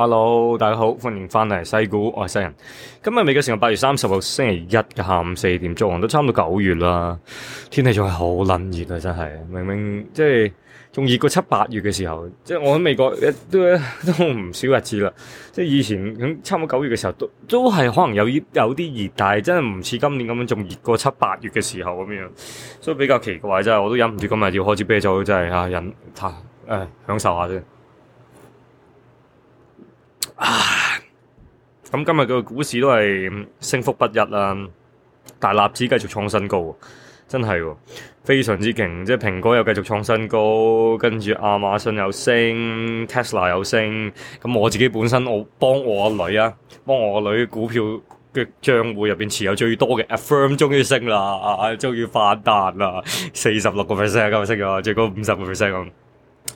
hello，大家好，歡迎翻嚟西股。我、哦、係西人。今日美國成日八月三十號星期一嘅下午四點鐘，仲都差唔多九月啦。天氣仲係好撚熱啊，真係，明明即係仲熱過七八月嘅時候。即係我喺美國都都唔少日子啦。即係以前咁差唔多九月嘅時候，都都係可能有有啲熱，但係真係唔似今年咁樣仲熱過七八月嘅時候咁樣，所以比較奇怪真係。我都忍唔住今日要開枝啤酒，真係吓飲，誒、啊啊哎、享受下啫。啊！咁今日嘅股市都係升幅不一啦，大立指繼續創新高，真係非常之勁。即係蘋果又繼續創新高，跟住亞馬遜又升，Tesla 又升。咁我自己本身我幫我阿女啊，幫我阿女股票嘅賬戶入邊持有最多嘅 Affirm 終於升啦，終於反彈啦，四十六個 percent 今日升咗，最高五十個 percent 咁。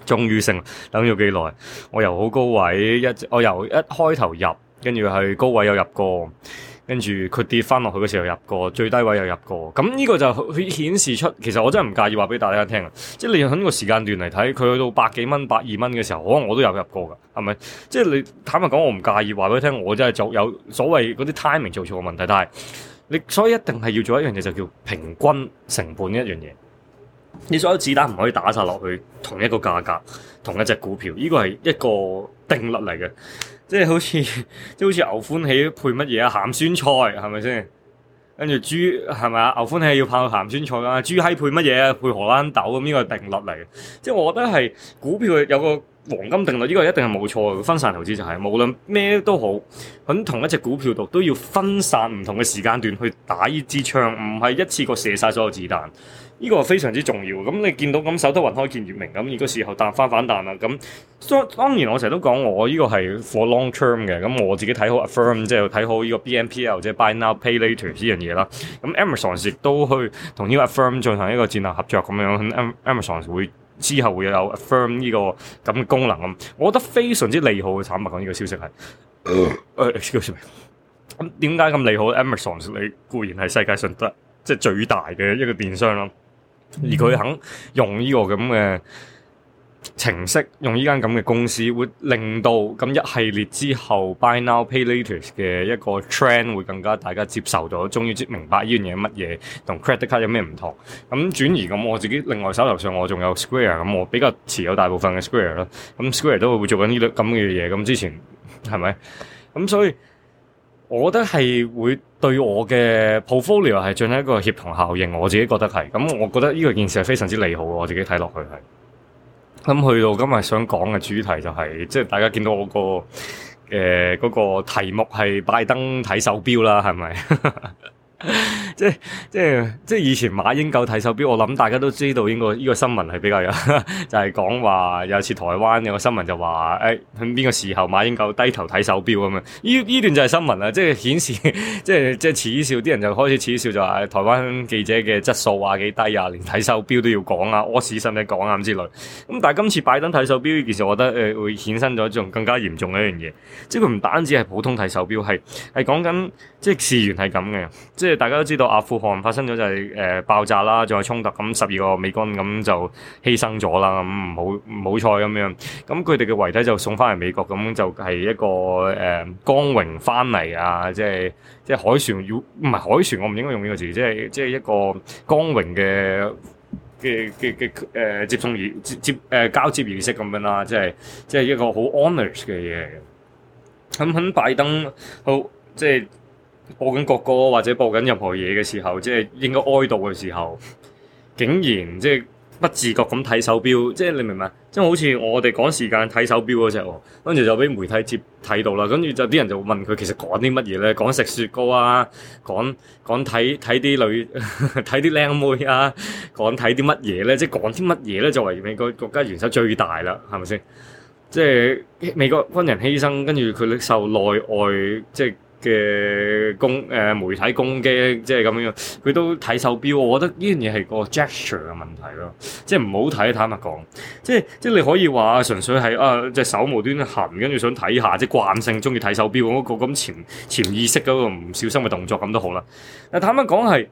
終於成，等咗幾耐。我由好高位一，我由一開頭入，跟住係高位又入過，跟住佢跌翻落去嘅時候入過，最低位又入過。咁呢個就佢顯示出，其實我真係唔介意話俾大家聽啊！即係你喺個時間段嚟睇，佢去到百幾蚊、百二蚊嘅時候，可能我都有入過㗎，係咪？即係你坦白講，我唔介意話俾你聽，我真係做有所謂嗰啲 timing 做錯嘅問題。但係你所以一定係要做一樣嘢，就叫平均成本一樣嘢。你所有子彈唔可以打晒落去同一個價格同一隻股票，呢個係一個定律嚟嘅。即係好似即係好似牛歡喜配乜嘢啊？鹹酸菜係咪先？跟住豬係咪啊？牛歡喜要泡鹹酸菜啦，豬閪配乜嘢啊？配荷蘭豆咁，呢個係定律嚟嘅。即係我覺得係股票有個黃金定律，呢個一定係冇錯。分散投資就係，無論咩都好，喺同一隻股票度都要分散唔同嘅時間段去打呢支槍，唔係一次過射晒所有子彈。呢個非常之重要嘅，咁你見到咁守得雲開見月明，咁而個時候彈翻反彈啦，咁、so, 當然我成日都講我呢個係 for long term 嘅，咁我自己睇好 Affirm，即係睇好呢個 BNPL，即係 buy now pay later 呢樣嘢啦。咁 Amazon 亦都去同呢個 Affirm 進行一個戰略合作咁樣，Am Amazon 會之後會有 Affirm 呢個咁嘅功能咁，我覺得非常之利好嘅產品。咁、這、呢個消息係，咁點解咁利好？Amazon 你固然係世界上得即係最大嘅一個電商咯。而佢肯用呢個咁嘅程式，用呢間咁嘅公司，會令到咁一系列之後 buy now pay later 嘅一個 trend 會更加大家接受咗，終於知明白呢樣嘢乜嘢同 credit card 有咩唔同。咁轉移咁，我自己另外手頭上我仲有 Square，咁我比較持有大部分嘅 Square 啦。咁 Square 都會做緊呢啲咁嘅嘢。咁之前係咪？咁所以。我覺得係會對我嘅 portfolio 係進行一個協同效應，我自己覺得係。咁我覺得呢個件事係非常之利好，我自己睇落去係。咁去到今日想講嘅主題就係，即係大家見到我個誒嗰個題目係拜登睇手錶啦，係咪？ 即係即係即係以前馬英九睇手表，我諗大家都知道呢個呢個新聞係比較有， 就係講話有次台灣有個新聞就話，誒喺邊個時候馬英九低頭睇手表咁樣？呢呢段就係新聞啦，即係顯示，即係即係恥笑啲人就開始恥笑，就話台灣記者嘅質素話幾低啊，連睇手表都要講啊，屙屎都唔使講啊咁之類。咁但係今次拜登睇手表呢件事，其實我覺得誒會衍生咗一種更加嚴重嘅一樣嘢，即係佢唔單止係普通睇手表，係係講緊即係事源係咁嘅，即係。即係大家都知道阿富汗發生咗就係、是、誒、呃、爆炸啦，仲有衝突咁，十二個美軍咁就犧牲咗啦，咁唔好唔好彩咁樣。咁佢哋嘅遺體就送翻嚟美國，咁就係一個誒光榮翻嚟啊！即係即係海船要唔係海船，我唔應該用呢個字。即係即係一個光榮嘅嘅嘅嘅誒接送儀、呃、接誒、呃、交接儀式咁樣啦，即係即係一個好 honours 嘅嘢嚟嘅咁肯、嗯嗯、拜登好即係。播緊國歌或者播緊任何嘢嘅時候，即係應該哀悼嘅時候，竟然即係不自覺咁睇手錶，即係你明唔明？即係好似我哋趕時間睇手錶嗰隻，跟、哦、住就俾媒體接睇到啦。跟住就啲人就問佢，其實講啲乜嘢咧？講食雪糕啊，講講睇睇啲女，睇啲靚妹啊，講睇啲乜嘢咧？即係講啲乜嘢咧？作為美國國家元首最大啦，係咪先？即係美國軍人犧牲，跟住佢受內外即係。嘅攻誒、呃、媒體攻擊即係咁樣，佢都睇手錶。我覺得呢樣嘢係個 gesture 嘅問題咯，即係唔好睇。坦白講，即係即係你可以話純粹係啊隻手無端行，跟住想睇下，即係慣性中意睇手錶，我、嗰個咁潛潛意識嗰個唔小心嘅動作咁都好啦。但坦白講係。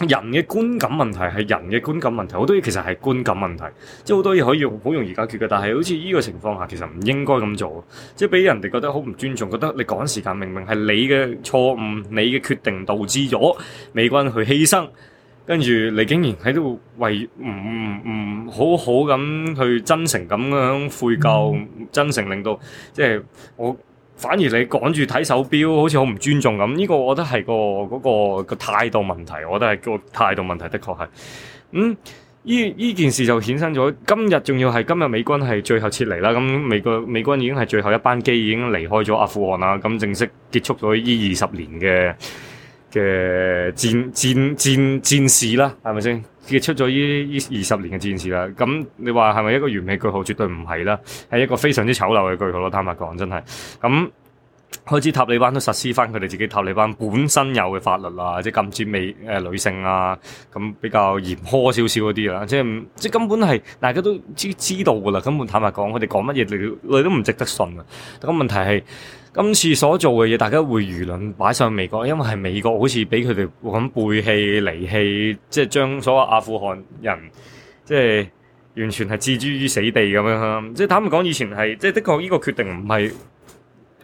人嘅觀感問題係人嘅觀感問題，好多嘢其實係觀感問題，即係好多嘢可以用好容易解決嘅。但係好似呢個情況下，其實唔應該咁做，即係俾人哋覺得好唔尊重，覺得你趕時間，明明係你嘅錯誤，你嘅決定導致咗美軍去犧牲，跟住你竟然喺度為唔唔好好咁去真誠咁樣悔疚，真誠令到即係我。反而你趕住睇手錶，好似好唔尊重咁。呢個我覺得係個嗰個個態度問題，我覺得係個態度問題，的確係。咁呢呢件事就衍生咗。今日仲要係今日美軍係最後撤離啦。咁美國美軍已經係最後一班機已經離開咗阿富汗啦。咁正式結束咗呢二十年嘅嘅戰戰戰戰事啦，係咪先？結出咗呢呢二十年嘅戰事啦，咁你話係咪一個完美句號？絕對唔係啦，係一個非常之醜陋嘅句號咯。坦白講，真係咁，開始塔利班都實施翻佢哋自己塔利班本身有嘅法律啊，即係禁止美誒、呃、女性啊，咁比較嚴苛少少嗰啲啦，即係即係根本係大家都知知道噶啦，根本坦白講，佢哋講乜嘢你都唔值得信啊。咁問題係。今次所做嘅嘢，大家會輿論擺上美國，因為係美國好似俾佢哋咁背棄離棄，即係將所有阿富汗人，即係完全係置諸於死地咁樣，即係坦白講，以前係即係的確呢個決定唔係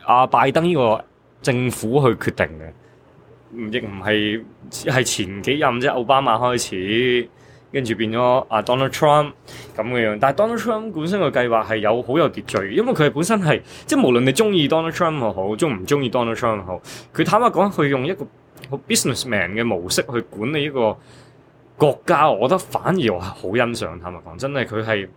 阿拜登呢個政府去決定嘅，亦唔係，係前幾任即係奧巴馬開始。跟住變咗阿 Donald Trump 咁嘅樣，但係 Donald Trump 本身個計劃係有好有秩序，因為佢本身係即係無論你中意 Donald Trump 又好，中唔中意 Donald Trump 又好，佢坦白講，佢用一個好 businessman 嘅模式去管理一個國家，我覺得反而我係好欣賞坦白講，真係佢係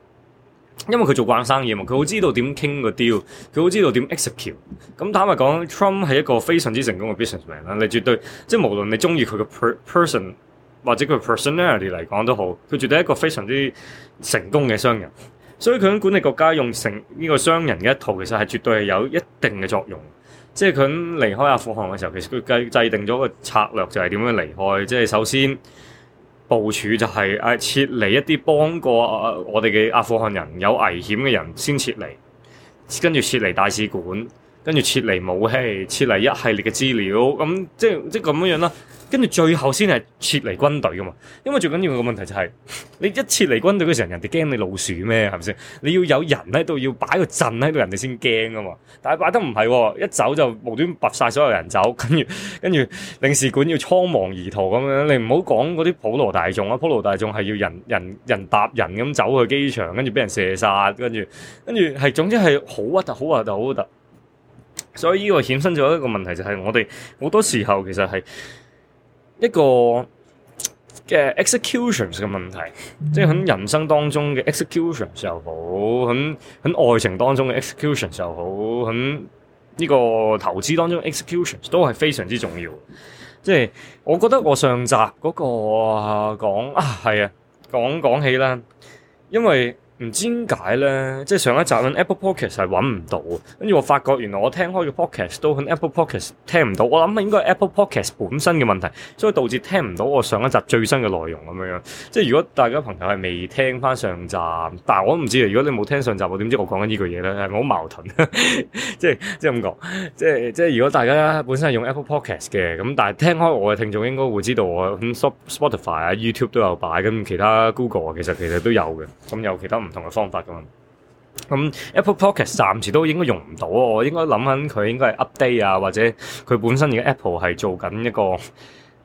因為佢做慣生意嘛，佢好知道點傾個 deal，佢好知道點 execute。咁坦白講，Trump 係一個非常之成功嘅 businessman 啦，你絕對即係無論你中意佢個 person，或者佢 personality 嚟講都好，佢絕對係一個非常之成功嘅商人。所以佢喺管理國家用成呢、這個商人嘅一套，其實係絕對係有一定嘅作用。即係佢離開阿富汗嘅時候，其實佢制定咗個策略，就係點樣離開。即係首先部署就係、是、誒、啊、撤離一啲幫過、啊、我哋嘅阿富汗人有危險嘅人先撤離，跟住撤離大使館，跟住撤離武器，撤離一系列嘅資料。咁、嗯、即即咁樣樣啦。跟住最後先係撤離軍隊噶嘛，因為最緊要個問題就係、是、你一撤離軍隊嘅時候，人哋驚你老鼠咩？係咪先？你要有人喺度，要擺個陣喺度，人哋先驚噶嘛。但係擺得唔係、哦，一走就無端端拔曬所有人走，跟住跟住領事館要倉皇而逃咁樣。你唔好講嗰啲普羅大眾啊，普羅大眾係要人人人，人搭人咁走去機場，跟住俾人射殺，跟住跟住係總之係好核突、好核突、好核突。所以呢個衍生咗一個問題就係，我哋好多時候其實係。一個嘅 executions 嘅問題，即係喺人生當中嘅 executions 又好，喺喺愛情當中嘅 executions 又好，喺呢個投資當中 executions 都係非常之重要。即係我覺得我上集嗰個啊講啊係啊講講起啦，因為。唔知點解咧，即係上一集喺 Apple Podcast 係揾唔到，跟住我發覺原來我聽開嘅 Podcast 都喺 Apple Podcast 聽唔到，我諗啊應該係 Apple Podcast 本身嘅問題，所以導致聽唔到我上一集最新嘅內容咁樣樣。即係如果大家朋友係未聽翻上集，但係我都唔知，如果你冇聽上集，我點知我講緊呢句嘢咧係咪好矛盾？ 即係即係咁講，即係即係如果大家本身係用 Apple Podcast 嘅，咁但係聽開我嘅聽眾應該會知道我喺 Spotify 啊、YouTube 都有擺，咁其他 Google 啊，其實其實都有嘅，咁有其他唔同嘅方法噶嘛，咁、嗯、Apple Podcast 暫時都應該用唔到啊！我應該諗緊佢應該係 update 啊，或者佢本身而家 Apple 係做緊一個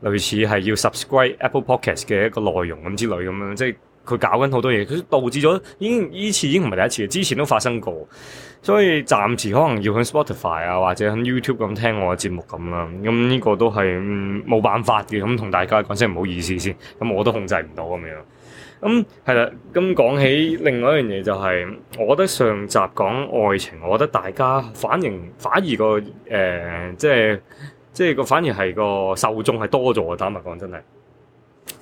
類似係要 subscribe Apple Podcast 嘅一個內容咁之類咁樣、嗯，即係佢搞緊好多嘢，佢導致咗已經呢次已經唔係第一次，之前都發生過，所以暫時可能要響 Spotify 啊或者響 YouTube 咁聽我嘅節目咁啦。咁、嗯、呢、這個都係冇、嗯、辦法嘅，咁、嗯、同大家講聲唔好意思先。咁、嗯、我都控制唔到咁樣。咁係啦，咁講、嗯、起另外一樣嘢就係、是，我覺得上集講愛情，我覺得大家反應反而個誒、呃，即係即係個反而係個受眾係多咗啊！坦白講，真係。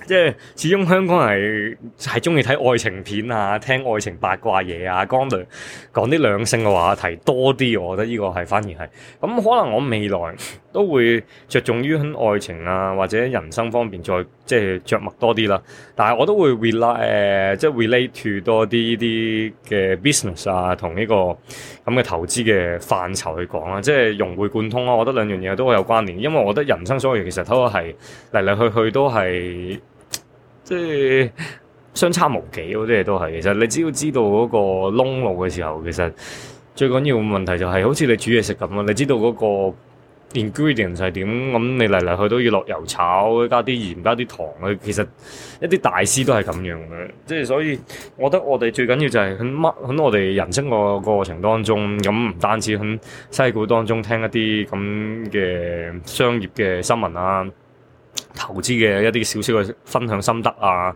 即係始終香港人係係中意睇愛情片啊，聽愛情八卦嘢啊，剛講兩講啲兩性嘅話題多啲，我覺得呢個係反而係咁、嗯、可能我未來都會着重於喺愛情啊或者人生方面再即係、就是、著墨多啲啦。但係我都會 re、呃就是、relate 誒即係 relate to 多啲呢啲嘅 business 啊同呢、呢個咁嘅投資嘅範疇去講啊。即、就、係、是、融會貫通啊，我覺得兩樣嘢都有關聯，因為我覺得人生所有嘢其實都係嚟嚟去去都係。即係相差無幾，嗰啲嘢都係。其實你只要知道嗰個窿路嘅時候，其實最緊要問題就係，好似你煮嘢食咁啊！你知道嗰個 ingredient 係點，咁你嚟嚟去都要落油炒，加啲鹽，加啲糖啊。其實一啲大師都係咁樣嘅。即係所以，我覺得我哋最緊要就係喺乜喺我哋人生個過程當中，咁唔單止喺西股當中聽一啲咁嘅商業嘅新聞啦。投資嘅一啲少少嘅分享心得啊，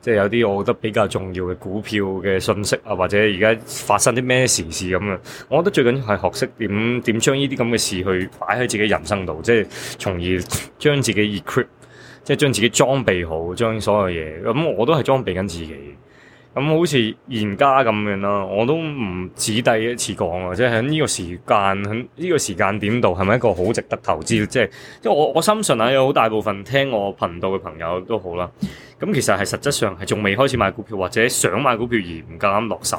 即係有啲我覺得比較重要嘅股票嘅信息啊，或者而家發生啲咩時事咁樣，我覺得最緊要係學識點點將呢啲咁嘅事去擺喺自己人生度，即係從而將自己 equip，即係將自己裝備好，將所有嘢咁我都係裝備緊自己。咁、嗯、好似現家咁樣咯，我都唔只第一次講，或者喺呢個時間，喺呢個時間點度，係咪一個好值得投資？即係因為我我相信啊，有好大部分聽我頻道嘅朋友都好啦。咁、嗯、其實係實質上係仲未開始買股票，或者想買股票而唔啱落手。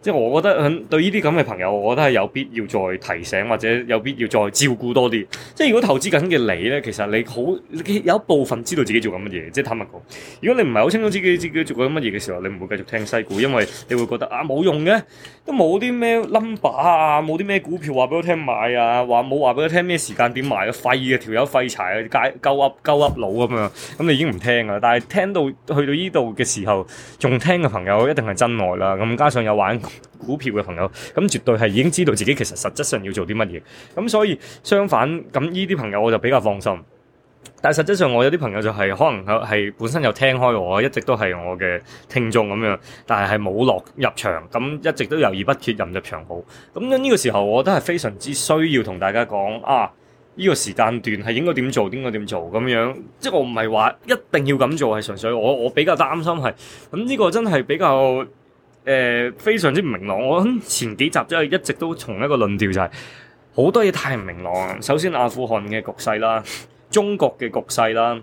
即係我覺得對呢啲咁嘅朋友，我覺得係有必要再提醒或者有必要再照顧多啲。即係如果投資緊嘅你咧，其實你好有一部分知道自己做緊乜嘢。即係坦白講，如果你唔係好清楚自己自己做緊乜嘢嘅時候，你唔會繼續聽西股，因為你會覺得啊，冇用嘅，都冇啲咩 number 啊，冇啲咩股票話俾我聽買啊，話冇話俾我聽咩時間點買啊，廢嘅條友廢柴啊，介鳩噏鳩噏佬咁樣，咁你已經唔聽噶啦。但係聽到去到呢度嘅時候，仲聽嘅朋友一定係真愛啦。咁加上有玩，股票嘅朋友，咁絕對係已經知道自己其實實質上要做啲乜嘢，咁所以相反，咁呢啲朋友我就比較放心。但係實質上，我有啲朋友就係、是、可能係本身有聽開我，一直都係我嘅聽眾咁樣，但係係冇落入場，咁一直都猶豫不決，入入場好，咁呢個時候，我都係非常之需要同大家講啊，呢、這個時間段係應該點做，應該點做咁樣。即係我唔係話一定要咁做，係純粹我我比較擔心係咁呢個真係比較。誒，非常之唔明朗。我諗前幾集即係一直都從一個論調就係、是，好多嘢太唔明朗。首先阿富汗嘅局勢啦，中國嘅局勢啦。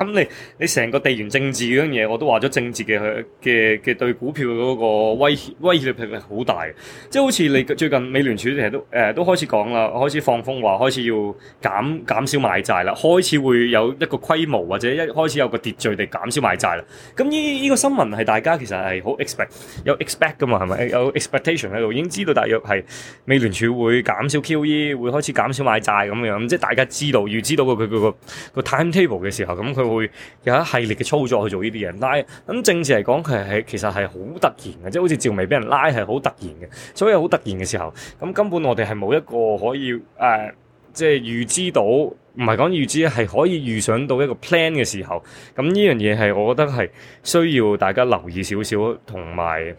咁、嗯、你你成個地緣政治樣嘢，我都話咗政治嘅嘅嘅對股票嗰個威威脅力係好大嘅，即係好似你最近美聯儲其實都誒、呃、都開始講啦，開始放風話，開始要減減少買債啦，開始會有一個規模或者一開始有個秩序地減少買債啦。咁呢呢個新聞係大家其實係好 expect 有 expect 噶嘛，係咪有 expectation 喺度已經知道大約係美聯儲會減少 QE，會開始減少買債咁樣，即係大家知道要知道佢、佢、佢個個 time table 嘅時候，咁佢。會有一系列嘅操作去做呢啲嘢拉，咁政治嚟講，係係其實係好突然嘅，即係好似趙薇俾人拉係好突然嘅，所以好突然嘅時候，咁根本我哋係冇一個可以誒、呃，即係預知到，唔係講預知，係可以預想到一個 plan 嘅時候，咁呢樣嘢係我覺得係需要大家留意少少，同埋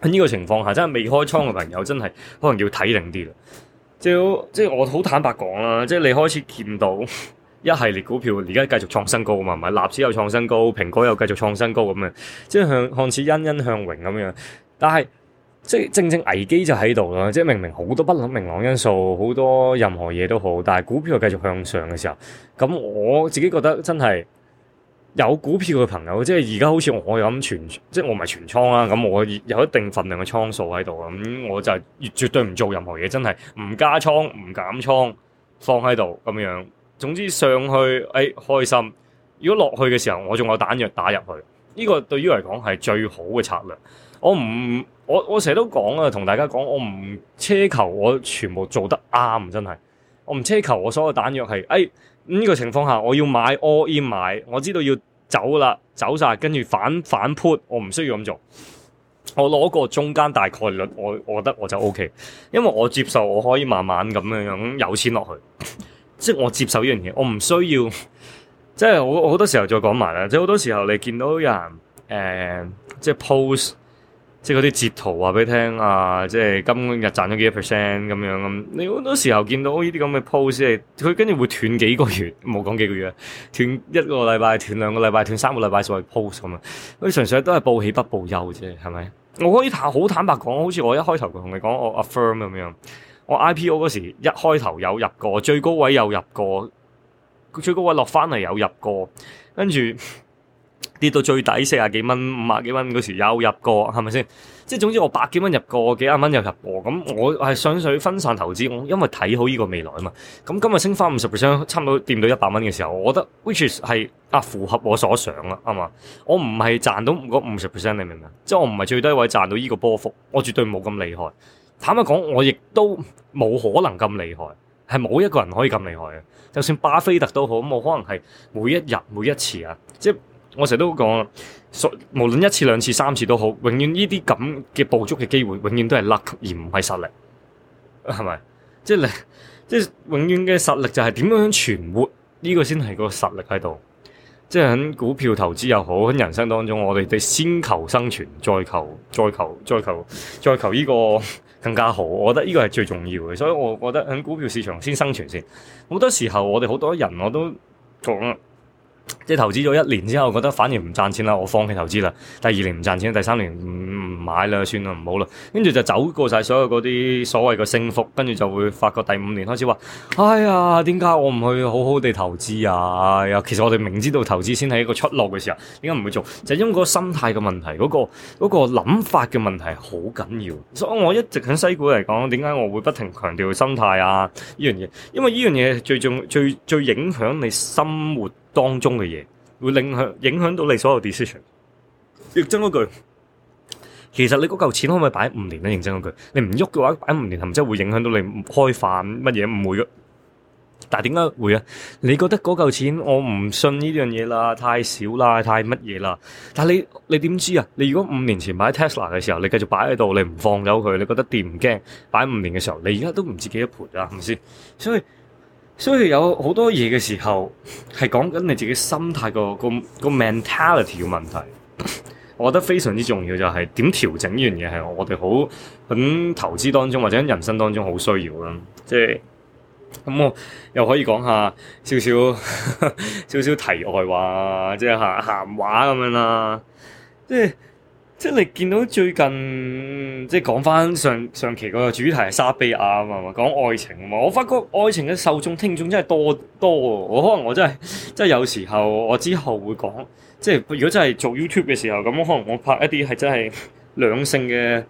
喺呢個情況下，真係未開倉嘅朋友真係可能要睇定啲啦，即係即係我好坦白講啦，即係你開始見到。一系列股票而家繼續創新高啊嘛，唔係納斯又創新高，蘋果又繼續創新高咁樣，即係向看似欣欣向榮咁樣。但係即係正正危機就喺度啦，即係明明好多不諗明朗因素，好多任何嘢都好，但係股票又繼續向上嘅時候，咁我自己覺得真係有股票嘅朋友，即係而家好似我咁全，即係我咪全倉啦。咁我有一定份量嘅倉數喺度，咁、嗯、我就絕對唔做任何嘢，真係唔加倉、唔減倉，放喺度咁樣。總之上去，哎，開心。如果落去嘅時候，我仲有彈藥打入去，呢個對於嚟講係最好嘅策略。我唔，我我成日都講啊，同大家講，我唔奢求我全部做得啱，真係。我唔奢求我所有彈藥係，哎，呢個情況下我要買 all in 買，我知道要走啦，走晒。跟住反反 put，我唔需要咁做。我攞個中間大概率，我我覺得我就 OK，因為我接受我可以慢慢咁樣樣有錢落去。即係我接受呢樣嘢，我唔需要。即係我好多時候再講埋啦。即係好多時候你見到有人誒、呃，即係 post，即係嗰啲截圖話俾你聽啊，即係今日賺咗幾多 percent 咁樣咁。你好多時候見到呢啲咁嘅 post，佢跟住會斷幾個月，冇講幾個月，斷一個禮拜，斷兩個禮拜，斷三個禮拜，所謂 post 咁啊。佢純粹都係報喜不報憂啫，係咪？我可以好坦白講，好似我一開頭同你講，我 affirm 咁樣。我 IPO 嗰時一開頭有入過，最高位有入過，最高位落翻嚟有入過，跟住跌到最底四啊幾蚊、五啊幾蚊嗰時有入過，係咪先？即係總之我百幾蚊入過，幾啊蚊又入過，咁我係想水分散投資，我因為睇好呢個未來啊嘛。咁今日升翻五十 percent，差唔多掂到一百蚊嘅時候，我覺得 which 係啊符合我所想啊嘛。我唔係賺到五十 percent，你明唔明？即係我唔係最低位賺到呢個波幅，我絕對冇咁厲害。坦白講，我亦都冇可能咁厲害，係冇一個人可以咁厲害嘅。就算巴菲特都好，冇可能係每一日每一次啊！即係我成日都講，無論一次、兩次、三次都好，永遠呢啲咁嘅捕捉嘅機會，永遠都係 luck，而唔係實力，係咪？即係即係永遠嘅實力就係點樣存活呢個先係個實力喺度。即係喺股票投資又好，喺人生當中，我哋哋先求生存，再求再求再求再求呢個。更加好，我覺得呢個係最重要嘅，所以我覺得喺股票市場先生存先。好多時候，我哋好多人我都講。即係投資咗一年之後，我覺得反而唔賺錢啦，我放棄投資啦。第二年唔賺錢，第三年唔、嗯、買啦，算啦，唔好啦。跟住就走過晒所有嗰啲所謂嘅升幅，跟住就會發覺第五年開始話：哎呀，點解我唔去好好地投資啊？哎、呀，其實我哋明知道投資先係一個出落出路嘅時候，點解唔會做？就係、是、因為個心態嘅問題，嗰、那個嗰諗、那個、法嘅問題好緊要。所以我一直喺西股嚟講，點解我會不停強調心態啊？呢樣嘢，因為呢樣嘢最重、最最影響你生活。當中嘅嘢會影響影響到你所有 decision。認真句，其實你嗰嚿錢可唔可以擺五年咧？認真嗰句，你唔喐嘅話，擺五年，即係會影響到你開飯乜嘢唔會喐。但係點解會啊？你覺得嗰嚿錢我唔信呢樣嘢啦，太少啦，太乜嘢啦？但係你你點知啊？你如果五年前擺 Tesla 嘅時候，你繼續擺喺度，你唔放走佢，你覺得掂唔驚？擺五年嘅時候，你而家都唔知幾多盤啦、啊，係咪先？所以。所以有好多嘢嘅時候係講緊你自己心態個個個 mentality 嘅問題，我覺得非常之重要，就係，就係點調整呢樣嘢係我哋好喺投資當中或者喺人生當中好需要啦。即係咁，我又可以講下少少 少少題外話，即係閒話咁樣啦，即係。即係你見到最近，即係講返上上期嗰個主題係莎碧亞啊嘛，講愛情啊嘛，我發覺愛情嘅受眾聽眾真係多多喎。我可能我真係，即係有時候我之後會講，即係如果真係做 YouTube 嘅時候，咁可能我拍一啲係真係兩性嘅。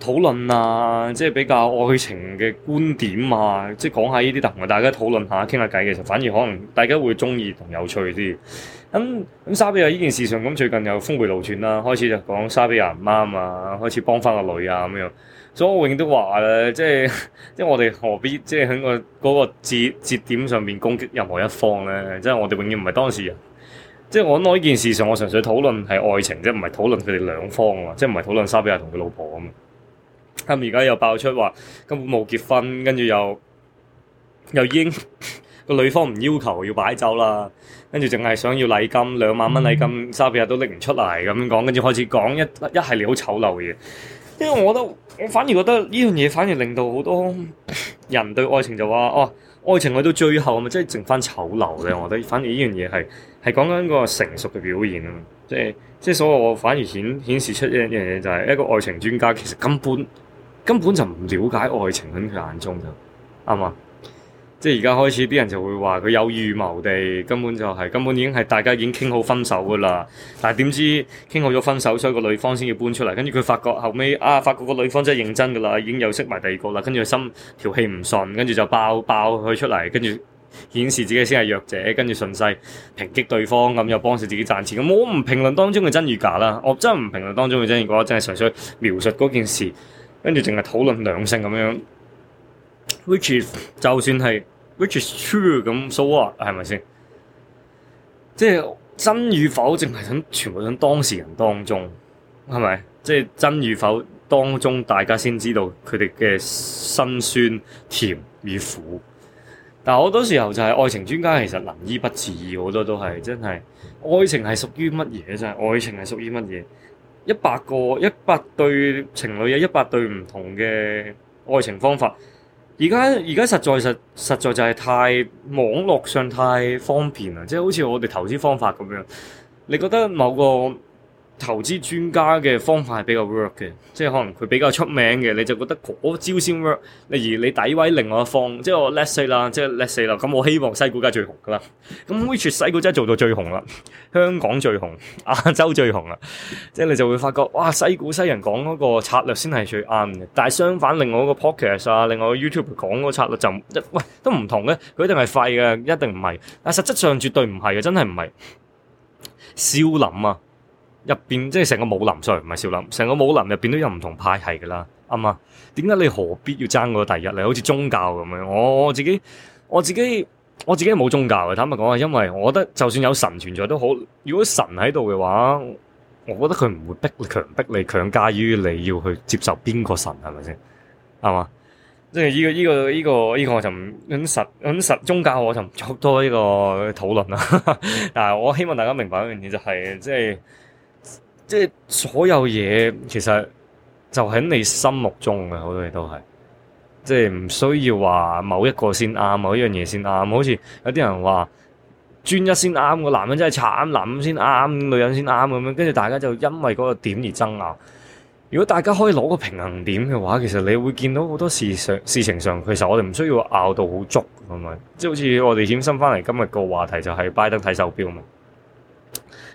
討論啊，即係比較愛情嘅觀點啊，即係講下呢啲，同埋大家討論下傾下偈嘅時候，反而可能大家會中意同有趣啲。咁、嗯、咁、嗯、沙比亞呢件事上，咁最近又風迴路轉啦，開始就講沙比亞唔啱啊，開始幫翻個女啊咁樣。所以我永遠都話咧，即係即係我哋何必即係喺、嗰個嗰、嗰個節節點上面攻擊任何一方咧？即係我哋永遠唔係當事人。即係我諗呢件事上，我純粹討論係愛情，即唔係討論佢哋兩方啊，即係唔係討論沙比亞同佢老婆啊。而家又爆出話根本冇結婚，跟住又又已經個 女方唔要求要擺酒啦，跟住淨係想要禮金兩萬蚊禮金，三日都拎唔出嚟咁講，跟住開始講一一系列好醜陋嘅嘢，因為我覺得我反而覺得呢樣嘢反而令到好多人對愛情就話哦、啊，愛情去到最後咪即係剩翻醜陋嘅，我覺得，反而呢樣嘢係係講緊個成熟嘅表現即係即係所以我反而顯顯示出一樣一樣嘢就係一個愛情專家其實根本。根本就唔了解愛情喺佢眼中就啱嘛？即係而家開始啲人就會話佢有預謀地，根本就係、是、根本已經係大家已經傾好分手噶啦。但係點知傾好咗分手，所以個女方先要搬出嚟，跟住佢發覺後尾，啊，發覺個女方真係認真噶啦，已經有識埋第二個啦。跟住心條氣唔順，跟住就爆爆佢出嚟，跟住顯示自己先係弱者，跟住順勢抨擊對方咁，又幫自己賺錢。咁我唔評論當中嘅真與假啦，我真係唔評論當中嘅真與假，真係純粹描述嗰件事。跟住淨係討論兩性咁樣 ，which is 就算係 which is true 咁，so what 係咪先？即係真與否，淨係想全部想當事人當中，係咪？即係真與否當中，大家先知道佢哋嘅辛酸、甜與苦。但好多時候就係愛情專家其實能醫不治，好多都係真係愛情係屬於乜嘢？就係愛情係屬於乜嘢？一百個，一百對情侶有一百對唔同嘅愛情方法。而家而家實在實實在就係太網絡上太方便啦，即好似我哋投資方法咁樣，你覺得某個投資專家嘅方法係比較 work 嘅，即係可能佢比較出名嘅，你就覺得嗰招先 work。例如你詆毀另外一方，即係我 let’s say 啦，即係 let’s say 啦，咁我希望西股街最紅㗎啦，咁 which 西股真係做到最紅啦，香港最紅，亞洲最紅啦，即係你就會發覺哇，西股西人講嗰個策略先係最啱嘅。但係相反另、啊，另外一個 podcast 啊，另外個 YouTube 講嗰個策略就喂都唔同嘅，佢一定係廢嘅，一定唔係。但係實質上絕對唔係嘅，真係唔係。少諗啊！入邊即係成個武林出嚟，唔係少林，成個武林入邊都有唔同派系噶啦，啱嘛？點解你何必要爭嗰個第一？你好似宗教咁樣我，我自己我自己我自己冇宗教嘅。坦白講係，因為我覺得就算有神存在都好，如果神喺度嘅話，我覺得佢唔會逼強逼你，你強加於你要去接受邊個神係咪先？係嘛？即係呢、呢個依、呢個依個依個我就唔揾實宗教，我就唔多呢個討論啦。 但係我希望大家明白一樣嘢，就係、係、即係。即係所有嘢，其實就喺你心目中嘅，好多嘢都係，即係唔需要話某一個先啱，某一樣嘢先啱。好似有啲人話專一先啱，個男人真係慘，男人先啱，女人先啱咁樣。跟住大家就因為嗰個點而爭拗。如果大家可以攞個平衡點嘅話，其實你會見到好多事上事情上，其實我哋唔需要拗到好足咁樣。即係好似我哋衍生翻嚟今日個話題就係拜登睇手錶啊嘛。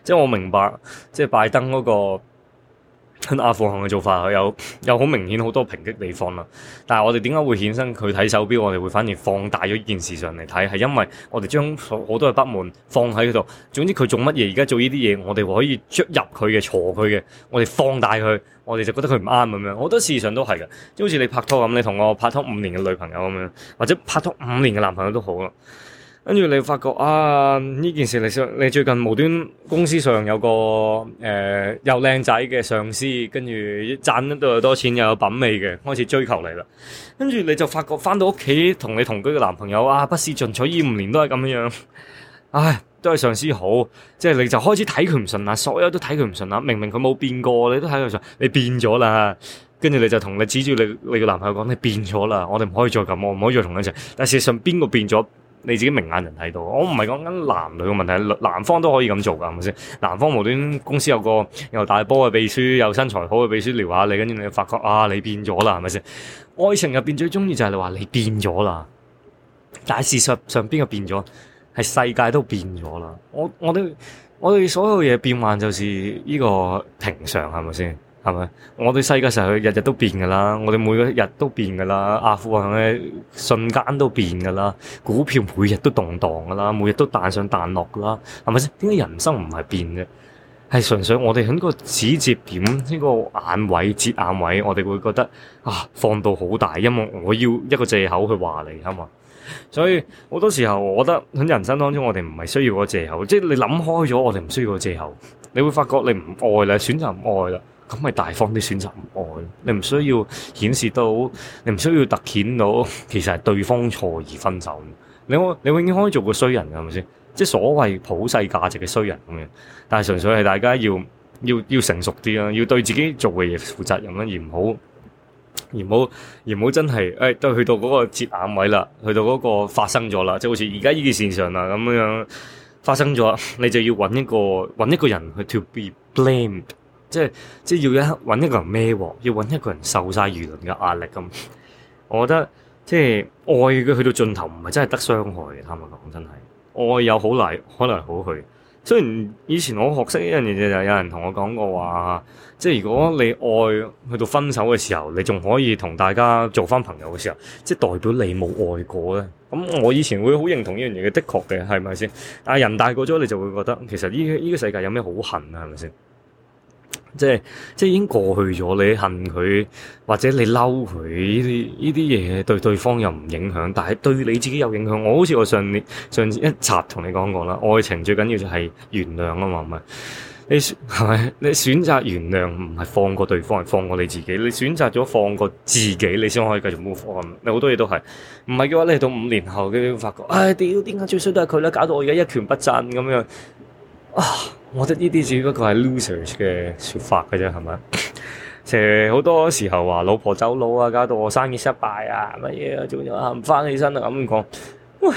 即係我明白，即係拜登嗰個跟阿富汗嘅做法，有有好明顯好多抨擊地方啦。但係我哋點解會衍生佢睇手錶？我哋會反而放大咗件事上嚟睇，係因為我哋將好多嘅不滿放喺佢度。總之佢做乜嘢，而家做呢啲嘢，我哋可以捉入佢嘅，挫佢嘅。我哋放大佢，我哋就覺得佢唔啱咁樣。好多事實上都係嘅，即係好似你拍拖咁，你同我拍拖五年嘅女朋友咁樣，或者拍拖五年嘅男朋友都好啊。跟住你發覺啊，呢件事你上你最近無端公司上有個誒、呃、又靚仔嘅上司，跟住賺得又多錢又有品味嘅，開始追求你啦。跟住你就發覺翻到屋企同你同居嘅男朋友啊，不思進取，二五年都係咁樣，唉、哎，都係上司好，即係你就開始睇佢唔順眼，所有都睇佢唔順眼。明明佢冇變過，你都睇佢唔順，你變咗啦。跟住你就同你指住你你個男朋友講，你變咗啦，我哋唔可以再咁，我唔可以再同佢一齊。但事實上邊個變咗？你自己明眼人睇到，我唔係講緊男女嘅問題，男方都可以咁做㗎，係咪先？男方無端公司有個又大波嘅秘書，又身材好嘅秘書撩下你，跟住你發覺啊，你變咗啦，係咪先？愛情入邊最中意就係你話你變咗啦，但係事實上邊個變咗？係世界都變咗啦。我我哋我哋所有嘢變幻，就是呢個平常係咪先？是係咪？我哋世界上日日都變噶啦，我哋每日都變噶啦，阿富汗嘅瞬間都變噶啦，股票每日都動盪噶啦，每日都彈上彈落噶啦，係咪先？點解人生唔係變啫？係純粹我哋喺個指折點呢個眼位，折眼位，我哋會覺得啊，放到好大，因為我要一個借口去話你啊嘛。所以好多時候，我覺得喺人生當中，我哋唔係需要個借口，即係你諗開咗，我哋唔需要個借口。你會發覺你唔愛啦，選擇唔愛啦。咁咪大方啲選擇唔愛，你唔需要顯示到，你唔需要突顯到，其實係對方錯而分手。你我你，永遠可以做個衰人嘅，係咪先？即係所謂普世價值嘅衰人咁樣。但係純粹係大家要要要成熟啲啦，要對自己做嘅嘢負責任啦，而唔好而唔好而唔好真係誒、哎、都去到嗰個節眼位啦，去到嗰個發生咗啦，即係好似而家呢件事上啦，咁樣發生咗，你就要揾一個揾一個人去 to be blamed。即係即係要一揾一個人孭鑊，要揾一個人受晒輿論嘅壓力咁。我覺得即係愛佢去到盡頭，唔係真係得傷害嘅。坦白講，真係愛有好嚟，可能好去。雖然以前我學識呢樣嘢就有人同我講過話，即係如果你愛去到分手嘅時候，你仲可以同大家做翻朋友嘅時候，即係代表你冇愛過咧。咁我以前會好認同呢樣嘢嘅，的確嘅係咪先？但係人大過咗，你就會覺得其實呢呢個世界有咩好恨啊？係咪先？即係即係已經過去咗，你恨佢或者你嬲佢呢啲呢啲嘢對對方又唔影響，但係對你自己有影響。我好似我上年上次一集同你講過啦，愛情最緊要就係原諒啊嘛，係咪你係咪？你選擇原諒唔係放過對方，係放過你自己。你選擇咗放過自己，你先可以繼續 move on。你好多嘢都係唔係嘅話，你到五年後嘅你會發覺，唉屌，點解最衰都係佢咧，搞到我而家一蹶不振咁樣啊！我覺得呢啲只不過係 losers 嘅説法嘅啫，係咪？成好多時候話老婆走佬啊，搞到我生意失敗啊，乜嘢啊，仲要喊唔翻起身啊咁講。喂，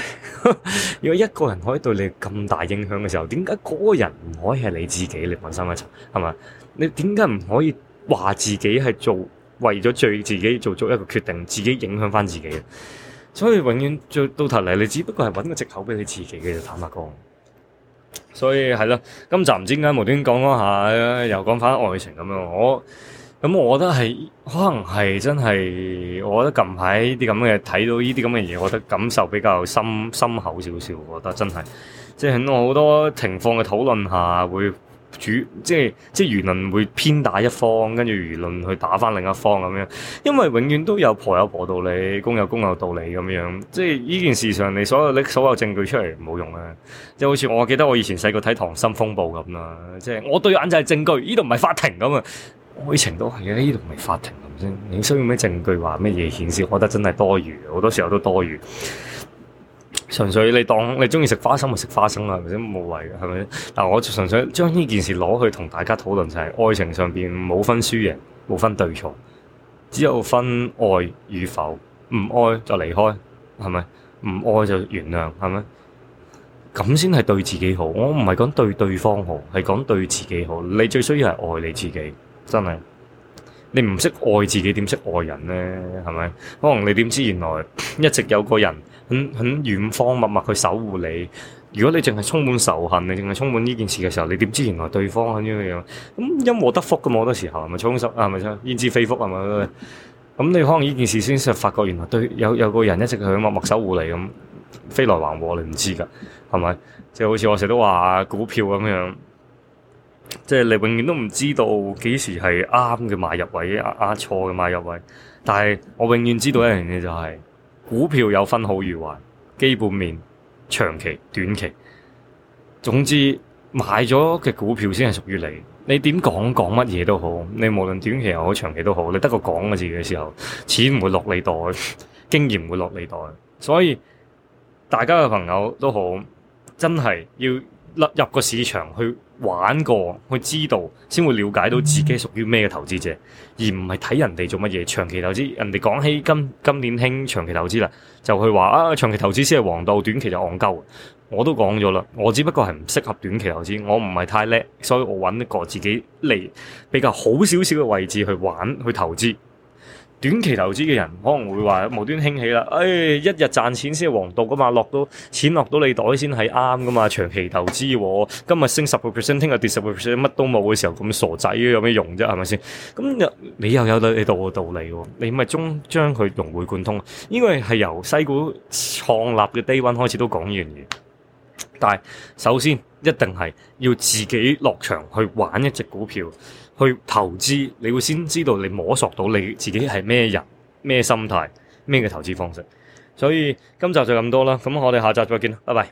如果一個人可以對你咁大影響嘅時候，點解嗰個人唔可以係你自己嚟揾心一層？係咪？你點解唔可以話自己係做為咗最自己做足一個決定，自己影響翻自己嘅？所以永遠最到頭嚟，你只不過係揾個藉口俾你自己嘅，就坦白講。所以係啦，今集唔知點解無端端講講下，又講返愛情咁樣。我咁，我覺得係可能係真係，我覺得近排啲咁嘅睇到呢啲咁嘅嘢，我覺得感受比較深深厚少少。我覺得真係，即係我好多情況嘅討論下會。主即係即係輿論會偏打一方，跟住輿論去打翻另一方咁樣，因為永遠都有婆有婆道理，公有公有道理咁樣。即係呢件事上，你所有你所有證據出嚟冇用啊！即係好似我記得我以前細個睇《溏心風暴》咁啦，即係我對眼就係證據，呢度唔係法庭咁啊，愛情都係嘅，呢度唔係法庭咁先。你需要咩證據話咩嘢顯示？我覺得真係多餘，好多時候都多餘。純粹你當你中意食花生咪食花生啦，係咪先冇謂嘅係咪？但係我純粹將呢件事攞去同大家討論就係愛情上邊冇分輸贏，冇分對錯，只有分愛與否。唔愛就離開係咪？唔愛就原諒係咪？咁先係對自己好。我唔係講對對方好，係講對自己好。你最需要係愛你自己，真係。你唔識愛自己點識愛人呢？係咪？可能你點知原來一直有個人。很很遠方默默去守護你。如果你淨係充滿仇恨，你淨係充滿呢件事嘅時候，你點知原來對方係點樣？咁因禍得福嘅嘛，好多時候，咪沖失啊，咪真焉知非福啊，咪咁、嗯、你可能呢件事先先發覺原來對有有個人一直係默默守護你咁，飛來橫禍你唔知㗎，係咪？即係好似我成日都話股票咁樣，即、就、係、是、你永遠都唔知道幾時係啱嘅買入位，啱、啊啊、錯嘅買入位。但係我永遠知道一樣嘢就係、是。股票有分好與壞，基本面、長期、短期，總之買咗嘅股票先係屬於你。你點講講乜嘢都好，你無論短期又好長期都好，你得個講嘅字嘅時候，錢唔會落你袋，經驗唔會落你袋。所以大家嘅朋友都好，真係要入入個市場去。玩過，去知道先會了解到自己屬於咩嘅投資者，而唔係睇人哋做乜嘢長期投資。人哋講起今今年興長期投資啦，就去話啊長期投資先係王道，短期就戇鳩。我都講咗啦，我只不過係唔適合短期投資，我唔係太叻，所以我揾一個自己嚟比較好少少嘅位置去玩去投資。短期投資嘅人可能會話無端，端興起啦，誒、哎，一日賺錢先係王道㗎嘛，落到錢落到你袋先係啱㗎嘛。長期投資，哦，今日升十個 percent，聽日跌十個 percent，乜都冇嘅時候咁傻仔，有咩用啫？係咪先？咁你又有你度嘅道理，哦，你咪終將佢融會貫通。呢個係由西股創立嘅 day one 開始都講完嘅，但係首先一定係要自己落場去玩一隻股票。去投資，你會先知道你摸索到你自己係咩人、咩心態、咩嘅投資方式。所以今集就咁多啦。咁我哋下集再見，拜拜。